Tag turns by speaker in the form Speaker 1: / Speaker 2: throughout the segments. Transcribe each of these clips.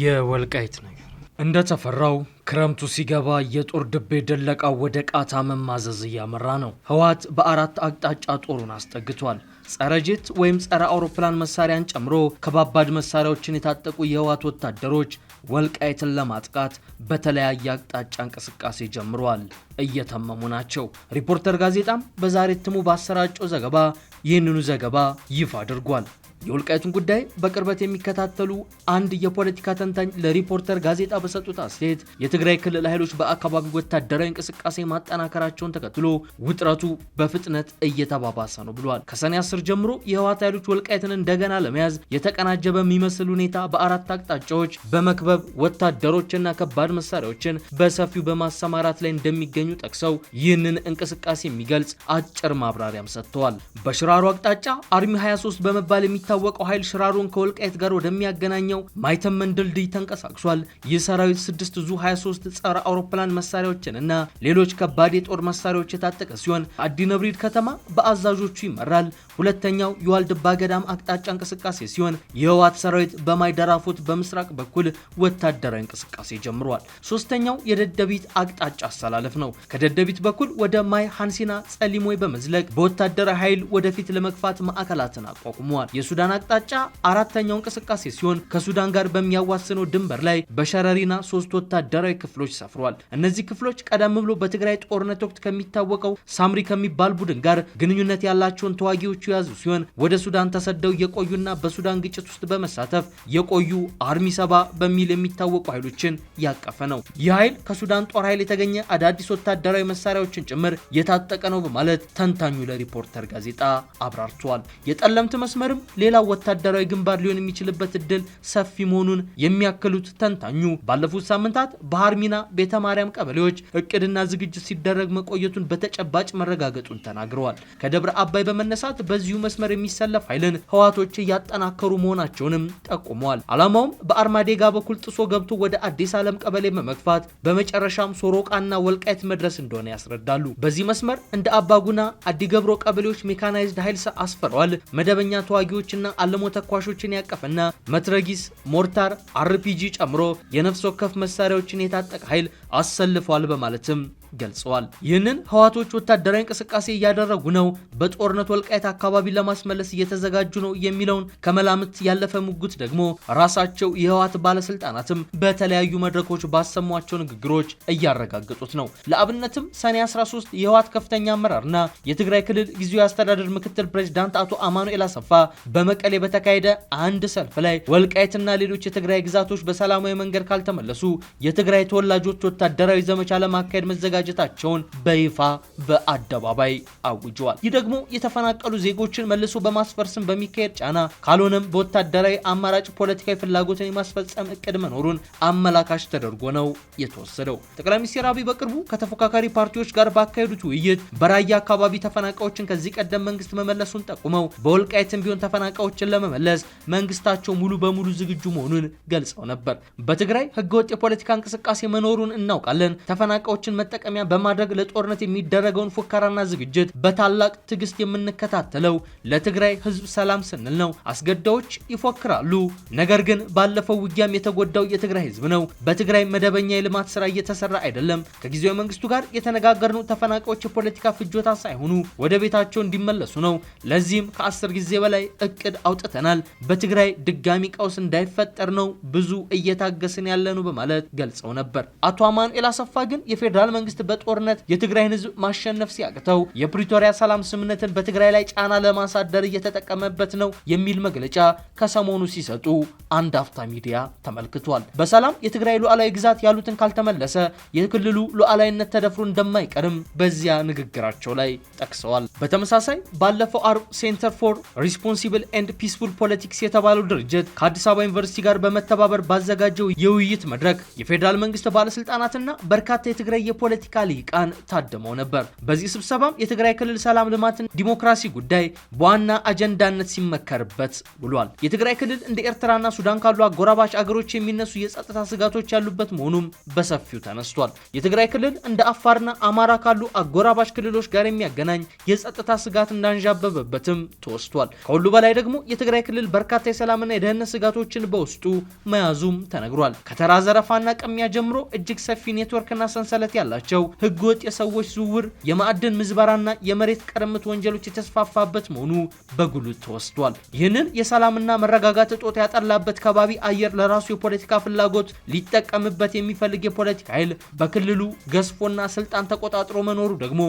Speaker 1: የወልቃይት ነገር እንደተፈራው ክረምቱ ሲገባ የጦር ድቤ ደለቃው ወደ ቃታ መማዘዝ እያመራ ነው። ህወሓት በአራት አቅጣጫ ጦሩን አስጠግቷል። ጸረ ጄት ወይም ጸረ አውሮፕላን መሳሪያን ጨምሮ ከባባድ መሳሪያዎችን የታጠቁ የህወሓት ወታደሮች ወልቃይትን ለማጥቃት በተለያየ አቅጣጫ እንቅስቃሴ ጀምረዋል። እየተመሙ ናቸው። ሪፖርተር ጋዜጣም በዛሬ እትሙ ባሰራጨው ዘገባ ይህንኑ ዘገባ ይፋ አድርጓል። የወልቃይቱን ጉዳይ በቅርበት የሚከታተሉ አንድ የፖለቲካ ተንታኝ ለሪፖርተር ጋዜጣ በሰጡት አስተያየት የትግራይ ክልል ኃይሎች በአካባቢው ወታደራዊ እንቅስቃሴ ማጠናከራቸውን ተከትሎ ውጥረቱ በፍጥነት እየተባባሰ ነው ብሏል። ከሰኔ 10 ጀምሮ የህወሓት ኃይሎች ወልቃይትን እንደገና ለመያዝ የተቀናጀ በሚመስል ሁኔታ በአራት አቅጣጫዎች በመክበብ ወታደሮችና ከባድ መሳሪያዎችን በሰፊው በማሰማራት ላይ እንደሚገኙ ጠቅሰው ይህንን እንቅስቃሴ የሚገልጽ አጭር ማብራሪያም ሰጥተዋል። በሽራሮ አቅጣጫ አርሚ 23 በመባል የሚ የሚታወቀው ኃይል ሽራሮን ከወልቃይት ጋር ወደሚያገናኘው ማይተመን ድልድይ ተንቀሳቅሷል። ይህ ሰራዊት ስድስት ዙ 23 ጸረ አውሮፕላን መሳሪያዎችን እና ሌሎች ከባድ የጦር መሳሪያዎች የታጠቀ ሲሆን አዲነብሪድ ከተማ በአዛዦቹ ይመራል። ሁለተኛው የዋልድባ ገዳም አቅጣጫ እንቅስቃሴ ሲሆን የህወሓት ሰራዊት በማይደራፉት በምስራቅ በኩል ወታደራዊ እንቅስቃሴ ጀምሯል። ሶስተኛው የደደቢት አቅጣጫ አሰላለፍ ነው። ከደደቢት በኩል ወደ ማይ ሃንሲና ጸሊሞይ በመዝለቅ በወታደራዊ ኃይል ወደፊት ለመግፋት ማዕከላትን አቋቁመዋል። በሱዳን አቅጣጫ አራተኛው እንቅስቃሴ ሲሆን ከሱዳን ጋር በሚያዋስነው ድንበር ላይ በሸረሪና ሶስት ወታደራዊ ክፍሎች ሰፍሯል። እነዚህ ክፍሎች ቀደም ብሎ በትግራይ ጦርነት ወቅት ከሚታወቀው ሳምሪ ከሚባል ቡድን ጋር ግንኙነት ያላቸውን ተዋጊዎቹ የያዙ ሲሆን ወደ ሱዳን ተሰደው የቆዩና በሱዳን ግጭት ውስጥ በመሳተፍ የቆዩ አርሚ ሰባ በሚል የሚታወቁ ኃይሎችን ያቀፈ ነው። ይህ ኃይል ከሱዳን ጦር ኃይል የተገኘ አዳዲስ ወታደራዊ መሳሪያዎችን ጭምር የታጠቀ ነው በማለት ተንታኙ ለሪፖርተር ጋዜጣ አብራርተዋል። የጠለምት መስመርም ሌላው ወታደራዊ ግንባር ሊሆን የሚችልበት እድል ሰፊ መሆኑን የሚያክሉት ተንታኙ ባለፉት ሳምንታት በሃርሚና ሚና፣ ቤተ ማርያም ቀበሌዎች እቅድና ዝግጅት ሲደረግ መቆየቱን በተጨባጭ መረጋገጡን ተናግረዋል። ከደብረ አባይ በመነሳት በዚሁ መስመር የሚሰለፍ ኃይልን ህዋቶች እያጠናከሩ መሆናቸውንም ጠቁመዋል። ዓላማውም በአርማዴጋ በኩል ጥሶ ገብቶ ወደ አዲስ ዓለም ቀበሌ በመግፋት በመጨረሻም ሶሮቃና ወልቃይት መድረስ እንደሆነ ያስረዳሉ። በዚህ መስመር እንደ አባጉና፣ አዲገብሮ ቀበሌዎች ሜካናይዝድ ኃይል አስፈረዋል። መደበኛ ተዋጊዎች ተኳሾችና አለሞ ተኳሾችን ያቀፈና መትረጊስ፣ ሞርታር፣ አርፒጂ ጨምሮ የነፍስ ወከፍ መሳሪያዎችን የታጠቀ ኃይል አሰልፏል በማለትም ገልጸዋል። ይህንን ህዋቶች ወታደራዊ እንቅስቃሴ እያደረጉ ነው፣ በጦርነት ወልቃይት አካባቢ ለማስመለስ እየተዘጋጁ ነው የሚለውን ከመላምት ያለፈ ሙግት ደግሞ ራሳቸው የህዋት ባለስልጣናትም በተለያዩ መድረኮች ባሰሟቸው ንግግሮች እያረጋገጡት ነው። ለአብነትም ሰኔ 13 የህዋት ከፍተኛ አመራርና የትግራይ ክልል ጊዜያዊ አስተዳደር ምክትል ፕሬዚዳንት አቶ አማኑኤል አሰፋ በመቀሌ በተካሄደ አንድ ሰልፍ ላይ ወልቃይትና ሌሎች የትግራይ ግዛቶች በሰላማዊ መንገድ ካልተመለሱ የትግራይ ተወላጆች ወታደራዊ ዘመቻ ለማካሄድ መዘጋ መዘጋጀታቸውን በይፋ በአደባባይ አውጀዋል። ይህ ደግሞ የተፈናቀሉ ዜጎችን መልሶ በማስፈር ስም በሚካሄድ ጫና ካልሆነም በወታደራዊ አማራጭ ፖለቲካዊ ፍላጎትን የማስፈጸም እቅድ መኖሩን አመላካሽ ተደርጎ ነው የተወሰደው። ጠቅላይ ሚኒስትር አብይ በቅርቡ ከተፎካካሪ ፓርቲዎች ጋር ባካሄዱት ውይይት በራያ አካባቢ ተፈናቃዮችን ከዚህ ቀደም መንግስት መመለሱን ጠቁመው በወልቃይትም ቢሆን ተፈናቃዮችን ለመመለስ መንግስታቸው ሙሉ በሙሉ ዝግጁ መሆኑን ገልጸው ነበር። በትግራይ ህገወጥ የፖለቲካ እንቅስቃሴ መኖሩን እናውቃለን። ተፈናቃዮችን መጠቀም መጠቀሚያ በማድረግ ለጦርነት የሚደረገውን ፉከራና ዝግጅት በታላቅ ትዕግስት የምንከታተለው ለትግራይ ህዝብ ሰላም ስንል ነው። አስገዳዮች ይፎክራሉ፣ ነገር ግን ባለፈው ውጊያም የተጎዳው የትግራይ ህዝብ ነው። በትግራይ መደበኛ የልማት ስራ እየተሰራ አይደለም። ከጊዜያዊ መንግስቱ ጋር የተነጋገርነው ተፈናቃዮች የፖለቲካ ፍጆታ ሳይሆኑ ወደ ቤታቸው እንዲመለሱ ነው። ለዚህም ከአስር ጊዜ በላይ እቅድ አውጥተናል። በትግራይ ድጋሚ ቀውስ እንዳይፈጠር ነው ብዙ እየታገስን ያለነው በማለት ገልጸው ነበር። አቶ አማኑኤል አሰፋ ግን የፌዴራል መንግስት መንግስት በጦርነት የትግራይን ህዝብ ማሸነፍ ሲያቅተው የፕሪቶሪያ ሰላም ስምምነትን በትግራይ ላይ ጫና ለማሳደር እየተጠቀመበት ነው የሚል መግለጫ ከሰሞኑ ሲሰጡ አንድ አፍታ ሚዲያ ተመልክቷል። በሰላም የትግራይ ሉዓላዊ ግዛት ያሉትን ካልተመለሰ የክልሉ ሉዓላዊነት ተደፍሮ እንደማይቀርም በዚያ ንግግራቸው ላይ ጠቅሰዋል። በተመሳሳይ ባለፈው አርብ ሴንተር ፎር ሪስፖንሲብል ኤንድ ፒስፉል ፖለቲክስ የተባለው ድርጅት ከአዲስ አበባ ዩኒቨርሲቲ ጋር በመተባበር ባዘጋጀው የውይይት መድረክ የፌዴራል መንግስት ባለስልጣናትና በርካታ የትግራይ የፖለቲ የፖለቲካ ሊቃን ታድመው ነበር። በዚህ ስብሰባም የትግራይ ክልል ሰላም፣ ልማትና ዲሞክራሲ ጉዳይ በዋና አጀንዳነት ሲመከርበት ውሏል። የትግራይ ክልል እንደ ኤርትራና ሱዳን ካሉ አጎራባች አገሮች የሚነሱ የጸጥታ ስጋቶች ያሉበት መሆኑም በሰፊው ተነስቷል። የትግራይ ክልል እንደ አፋርና አማራ ካሉ አጎራባች ክልሎች ጋር የሚያገናኝ የጸጥታ ስጋት እንዳንዣበበበትም ተወስቷል። ከሁሉ በላይ ደግሞ የትግራይ ክልል በርካታ የሰላምና የደህንነት ስጋቶችን በውስጡ መያዙም ተነግሯል። ከተራ ዘረፋና ቅሚያ ጀምሮ እጅግ ሰፊ ኔትወርክና ሰንሰለት ያላቸው ናቸው። ህገወጥ የሰዎች ዝውውር፣ የማዕድን ምዝበራና የመሬት ቅርምት ወንጀሎች የተስፋፋበት መሆኑ በጉሉት ተወስዷል። ይህንን የሰላምና መረጋጋት እጦት ያጠላበት ከባቢ አየር ለራሱ የፖለቲካ ፍላጎት ሊጠቀምበት የሚፈልግ የፖለቲካ ኃይል በክልሉ ገዝፎና ስልጣን ተቆጣጥሮ መኖሩ ደግሞ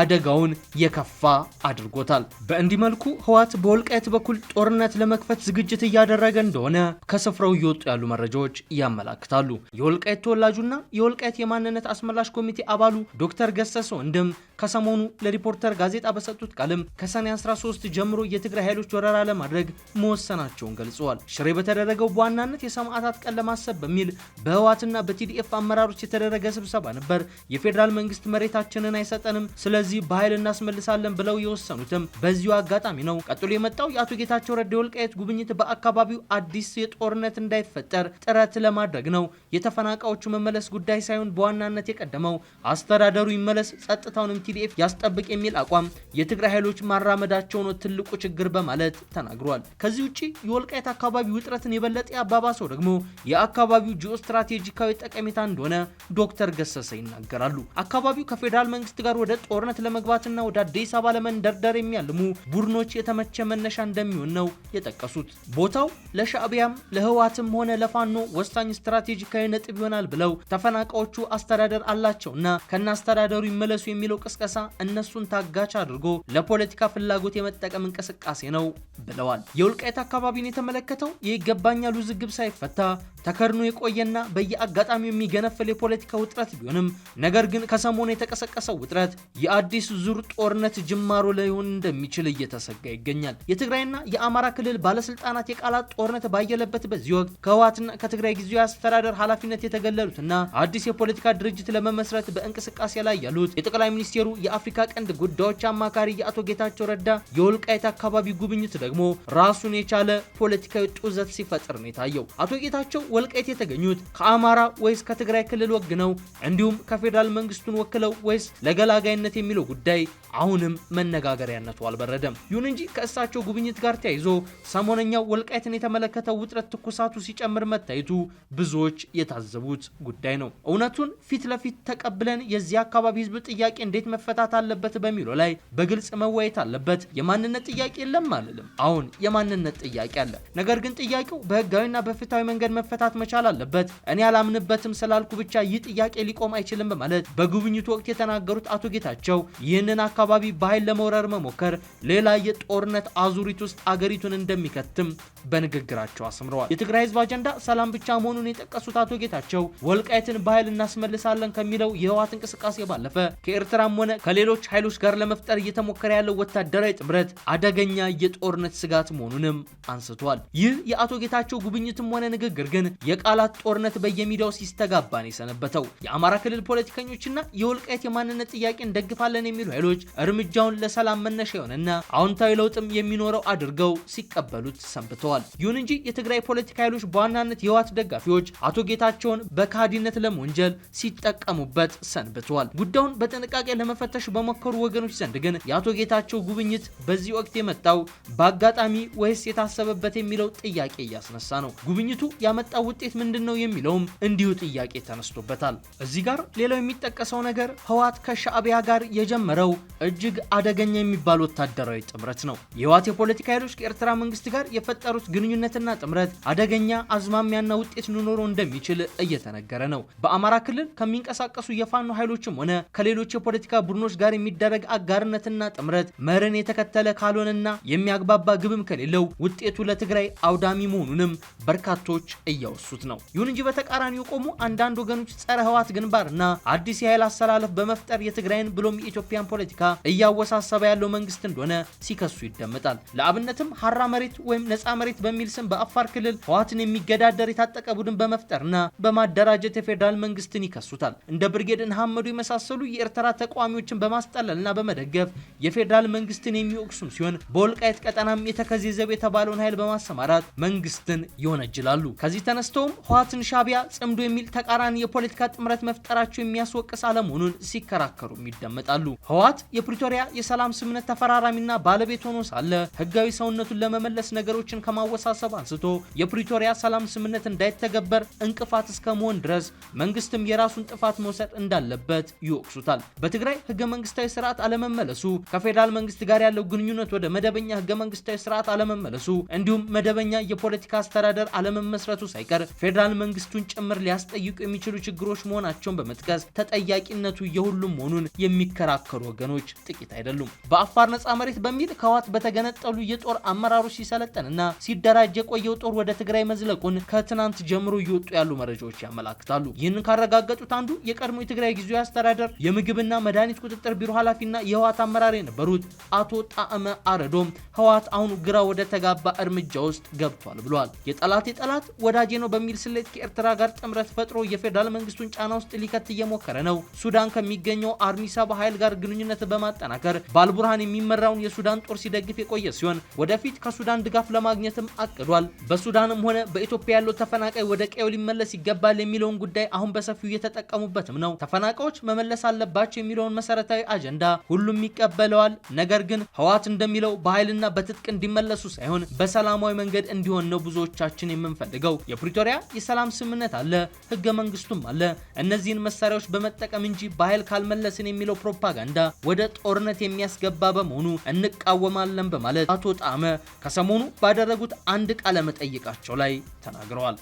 Speaker 1: አደጋውን የከፋ አድርጎታል። በእንዲህ መልኩ ህወሓት በወልቃይት በኩል ጦርነት ለመክፈት ዝግጅት እያደረገ እንደሆነ ከስፍራው እየወጡ ያሉ መረጃዎች ያመላክታሉ። የወልቃይት ተወላጁና የወልቃይት የማንነት አስመላሽ ኮሚቴ አባሉ ዶክተር ገሰሰ ወንድም ከሰሞኑ ለሪፖርተር ጋዜጣ በሰጡት ቃልም ከሰኔ 13 ጀምሮ የትግራይ ኃይሎች ወረራ ለማድረግ መወሰናቸውን ገልጸዋል። ሽሬ በተደረገው በዋናነት የሰማዕታት ቀን ለማሰብ በሚል በህወሓትና በቲዲኤፍ አመራሮች የተደረገ ስብሰባ ነበር። የፌዴራል መንግስት መሬታችንን አይሰጠንም፣ ስለዚህ በኃይል እናስመልሳለን ብለው የወሰኑትም በዚሁ አጋጣሚ ነው። ቀጥሎ የመጣው የአቶ ጌታቸው ረዳ ወልቃየት ጉብኝት በአካባቢው አዲስ የጦርነት እንዳይፈጠር ጥረት ለማድረግ ነው። የተፈናቃዮቹ መመለስ ጉዳይ ሳይሆን በዋናነት የቀደመው አስተዳደሩ ይመለስ፣ ጸጥታውንም ቲዲኤፍ ያስጠብቅ የሚል አቋም የትግራይ ኃይሎች ማራመዳቸው ነው ትልቁ ችግር በማለት ተናግሯል። ከዚህ ውጭ የወልቃይት አካባቢ ውጥረትን የበለጠ ያባባሰው ደግሞ የአካባቢው ጂኦ ስትራቴጂካዊ ጠቀሜታ እንደሆነ ዶክተር ገሰሰ ይናገራሉ። አካባቢው ከፌዴራል መንግስት ጋር ወደ ጦርነት ለመግባትና ወደ አዲስ አበባ ለመንደርደር የሚያልሙ ቡድኖች የተመቸ መነሻ እንደሚሆን ነው የጠቀሱት። ቦታው ለሻዕቢያም ለህወሓትም ሆነ ለፋኖ ወሳኝ ስትራቴጂካዊ ነጥብ ይሆናል ብለው ተፈናቃዮቹ አስተዳደር አላቸውና ከነአስተዳደሩ ይመለሱ የሚለው ቅስቀሳ እነሱን ታጋች አድርጎ ለፖለቲካ ፍላጎት የመጠቀም እንቅስቃሴ ነው ብለዋል። የወልቃይት አካባቢን የተመለከተው የይገባኛል ውዝግብ ሳይፈታ ተከርኖ የቆየና በየአጋጣሚው የሚገነፍል የፖለቲካ ውጥረት ቢሆንም ነገር ግን ከሰሞኑ የተቀሰቀሰው ውጥረት የአዲስ ዙር ጦርነት ጅማሮ ላይሆን እንደሚችል እየተሰጋ ይገኛል። የትግራይና የአማራ ክልል ባለስልጣናት የቃላት ጦርነት ባየለበት በዚህ ወቅት ከህወሓትና ከትግራይ ጊዜያዊ አስተዳደር ኃላፊነት የተገለሉትና አዲስ የፖለቲካ ድርጅት ለመመስረት በእንቅስቃሴ ላይ ያሉት የጠቅላይ ሚኒስቴሩ የአፍሪካ ቀንድ ጉዳዮች አማካሪ የአቶ ጌታቸው ረዳ የወልቃይት አካባቢ ጉብኝት ደግሞ ራሱን የቻለ ፖለቲካዊ ጡዘት ሲፈጥር ነው የታየው። አቶ ጌታቸው ወልቃይት የተገኙት ከአማራ ወይስ ከትግራይ ክልል ወግ ነው እንዲሁም ከፌዴራል መንግስቱን ወክለው ወይስ ለገላጋይነት የሚለው ጉዳይ አሁንም መነጋገሪያነቱ አልበረደም። ይሁን እንጂ ከእሳቸው ጉብኝት ጋር ተያይዞ ሰሞነኛው ወልቃይትን የተመለከተው ውጥረት ትኩሳቱ ሲጨምር መታየቱ ብዙዎች የታዘቡት ጉዳይ ነው። እውነቱን ፊት ለፊት ተቀብ? ብለን የዚህ አካባቢ ህዝብ ጥያቄ እንዴት መፈታት አለበት በሚለው ላይ በግልጽ መወያየት አለበት። የማንነት ጥያቄ የለም አልልም። አሁን የማንነት ጥያቄ አለ። ነገር ግን ጥያቄው በህጋዊና በፍትሃዊ መንገድ መፈታት መቻል አለበት። እኔ አላምንበትም ስላልኩ ብቻ ይህ ጥያቄ ሊቆም አይችልም በማለት በጉብኝቱ ወቅት የተናገሩት አቶ ጌታቸው ይህንን አካባቢ በኃይል ለመውረር መሞከር ሌላ የጦርነት አዙሪት ውስጥ አገሪቱን እንደሚከትም በንግግራቸው አስምረዋል። የትግራይ ህዝብ አጀንዳ ሰላም ብቻ መሆኑን የጠቀሱት አቶ ጌታቸው ወልቃይትን በኃይል እናስመልሳለን ከሚለው ከህወሓት እንቅስቃሴ ባለፈ ከኤርትራም ሆነ ከሌሎች ኃይሎች ጋር ለመፍጠር እየተሞከረ ያለው ወታደራዊ ጥምረት አደገኛ የጦርነት ስጋት መሆኑንም አንስቷል። ይህ የአቶ ጌታቸው ጉብኝትም ሆነ ንግግር ግን የቃላት ጦርነት በየሚዲያው ነው የሰነበተው የአማራ ክልል ፖለቲከኞችና የወልቃይት የማንነት ጥያቄ እንደግፋለን የሚሉ ኃይሎች እርምጃውን ለሰላም መነሻ የሆነና አዎንታዊ ለውጥም የሚኖረው አድርገው ሲቀበሉት ሰንብተዋል። ይሁን እንጂ የትግራይ ፖለቲካ ኃይሎች በዋናነት የህወሓት ደጋፊዎች አቶ ጌታቸውን በካዲነት ለመወንጀል ሲጠቀሙበት ሰንብቷል። ጉዳዩን በጥንቃቄ ለመፈተሽ በሞከሩ ወገኖች ዘንድ ግን የአቶ ጌታቸው ጉብኝት በዚህ ወቅት የመጣው በአጋጣሚ ወይስ የታሰበበት የሚለው ጥያቄ እያስነሳ ነው። ጉብኝቱ ያመጣው ውጤት ምንድን ነው የሚለውም እንዲሁ ጥያቄ ተነስቶበታል። እዚህ ጋር ሌላው የሚጠቀሰው ነገር ህወሓት ከሻዕቢያ ጋር የጀመረው እጅግ አደገኛ የሚባል ወታደራዊ ጥምረት ነው። የህወሓት የፖለቲካ ኃይሎች ከኤርትራ መንግስት ጋር የፈጠሩት ግንኙነትና ጥምረት አደገኛ አዝማሚያና ውጤት ሊኖረው እንደሚችል እየተነገረ ነው። በአማራ ክልል ከሚንቀሳቀሱ የፋ ከፋኖ ኃይሎችም ሆነ ከሌሎች የፖለቲካ ቡድኖች ጋር የሚደረግ አጋርነትና ጥምረት መርን የተከተለ ካልሆነና የሚያግባባ ግብም ከሌለው ውጤቱ ለትግራይ አውዳሚ መሆኑንም በርካቶች እያወሱት ነው። ይሁን እንጂ በተቃራኒ የቆሙ አንዳንድ ወገኖች ጸረ ህዋት ግንባርና አዲስ የኃይል አሰላለፍ በመፍጠር የትግራይን ብሎም የኢትዮጵያን ፖለቲካ እያወሳሰበ ያለው መንግስት እንደሆነ ሲከሱ ይደመጣል። ለአብነትም ሀራ መሬት ወይም ነጻ መሬት በሚል ስም በአፋር ክልል ህዋትን የሚገዳደር የታጠቀ ቡድን በመፍጠርና በማደራጀት የፌዴራል መንግስትን ይከሱታል። እንደ ብርጌድ አህመድን ሐመዱ የመሳሰሉ የኤርትራ ተቃዋሚዎችን በማስጠለል እና በመደገፍ የፌዴራል መንግስትን የሚወቅሱም ሲሆን በወልቃይት ቀጠናም የተከዜዘብ የተባለውን ኃይል በማሰማራት መንግስትን ይወነጅላሉ። ከዚህ ተነስተውም ህወሓትን ሻቢያ ጽምዶ የሚል ተቃራኒ የፖለቲካ ጥምረት መፍጠራቸው የሚያስወቅስ አለመሆኑን ሲከራከሩም ይደመጣሉ። ህወሓት የፕሪቶሪያ የሰላም ስምነት ተፈራራሚና ባለቤት ሆኖ ሳለ ህጋዊ ሰውነቱን ለመመለስ ነገሮችን ከማወሳሰብ አንስቶ የፕሪቶሪያ ሰላም ስምነት እንዳይተገበር እንቅፋት እስከመሆን ድረስ መንግስትም የራሱን ጥፋት መውሰድ እንዳ እንዳለበት ይወቅሱታል። በትግራይ ህገ መንግስታዊ ስርዓት አለመመለሱ፣ ከፌዴራል መንግስት ጋር ያለው ግንኙነት ወደ መደበኛ ህገ መንግስታዊ ስርዓት አለመመለሱ፣ እንዲሁም መደበኛ የፖለቲካ አስተዳደር አለመመስረቱ ሳይቀር ፌዴራል መንግስቱን ጭምር ሊያስጠይቁ የሚችሉ ችግሮች መሆናቸውን በመጥቀስ ተጠያቂነቱ የሁሉም መሆኑን የሚከራከሩ ወገኖች ጥቂት አይደሉም። በአፋር ነጻ መሬት በሚል ከዋት በተገነጠሉ የጦር አመራሮች ሲሰለጠንና ሲደራጅ የቆየው ጦር ወደ ትግራይ መዝለቁን ከትናንት ጀምሮ እየወጡ ያሉ መረጃዎች ያመላክታሉ። ይህንን ካረጋገጡት አንዱ የቀድሞ የትግራይ የትግራይ ጊዜያዊ አስተዳደር የምግብና መድኃኒት ቁጥጥር ቢሮ ኃላፊና የህወሓት አመራር የነበሩት አቶ ጣዕመ አረዶም ህወሓት አሁን ግራ ወደ ተጋባ እርምጃ ውስጥ ገብቷል ብሏል። የጠላት የጠላት ወዳጄ ነው በሚል ስሌት ከኤርትራ ጋር ጥምረት ፈጥሮ የፌዴራል መንግስቱን ጫና ውስጥ ሊከት እየሞከረ ነው። ሱዳን ከሚገኘው አርሚ ሰባ ኃይል ጋር ግንኙነት በማጠናከር ባልቡርሃን የሚመራውን የሱዳን ጦር ሲደግፍ የቆየ ሲሆን ወደፊት ከሱዳን ድጋፍ ለማግኘትም አቅዷል። በሱዳንም ሆነ በኢትዮጵያ ያለው ተፈናቃይ ወደ ቀዬው ሊመለስ ይገባል የሚለውን ጉዳይ አሁን በሰፊው እየተጠቀሙበትም ነው። ተፈናቃዮች መመለስ አለባቸው የሚለውን መሰረታዊ አጀንዳ ሁሉም ይቀበለዋል። ነገር ግን ህወሓት እንደሚለው በኃይልና በትጥቅ እንዲመለሱ ሳይሆን በሰላማዊ መንገድ እንዲሆን ነው ብዙዎቻችን የምንፈልገው። የፕሪቶሪያ የሰላም ስምምነት አለ፣ ህገ መንግስቱም አለ። እነዚህን መሳሪያዎች በመጠቀም እንጂ በኃይል ካልመለስን የሚለው ፕሮፓጋንዳ ወደ ጦርነት የሚያስገባ በመሆኑ እንቃወማለን በማለት አቶ ጣመ ከሰሞኑ ባደረጉት አንድ ቃለ መጠይቃቸው ላይ ተናግረዋል።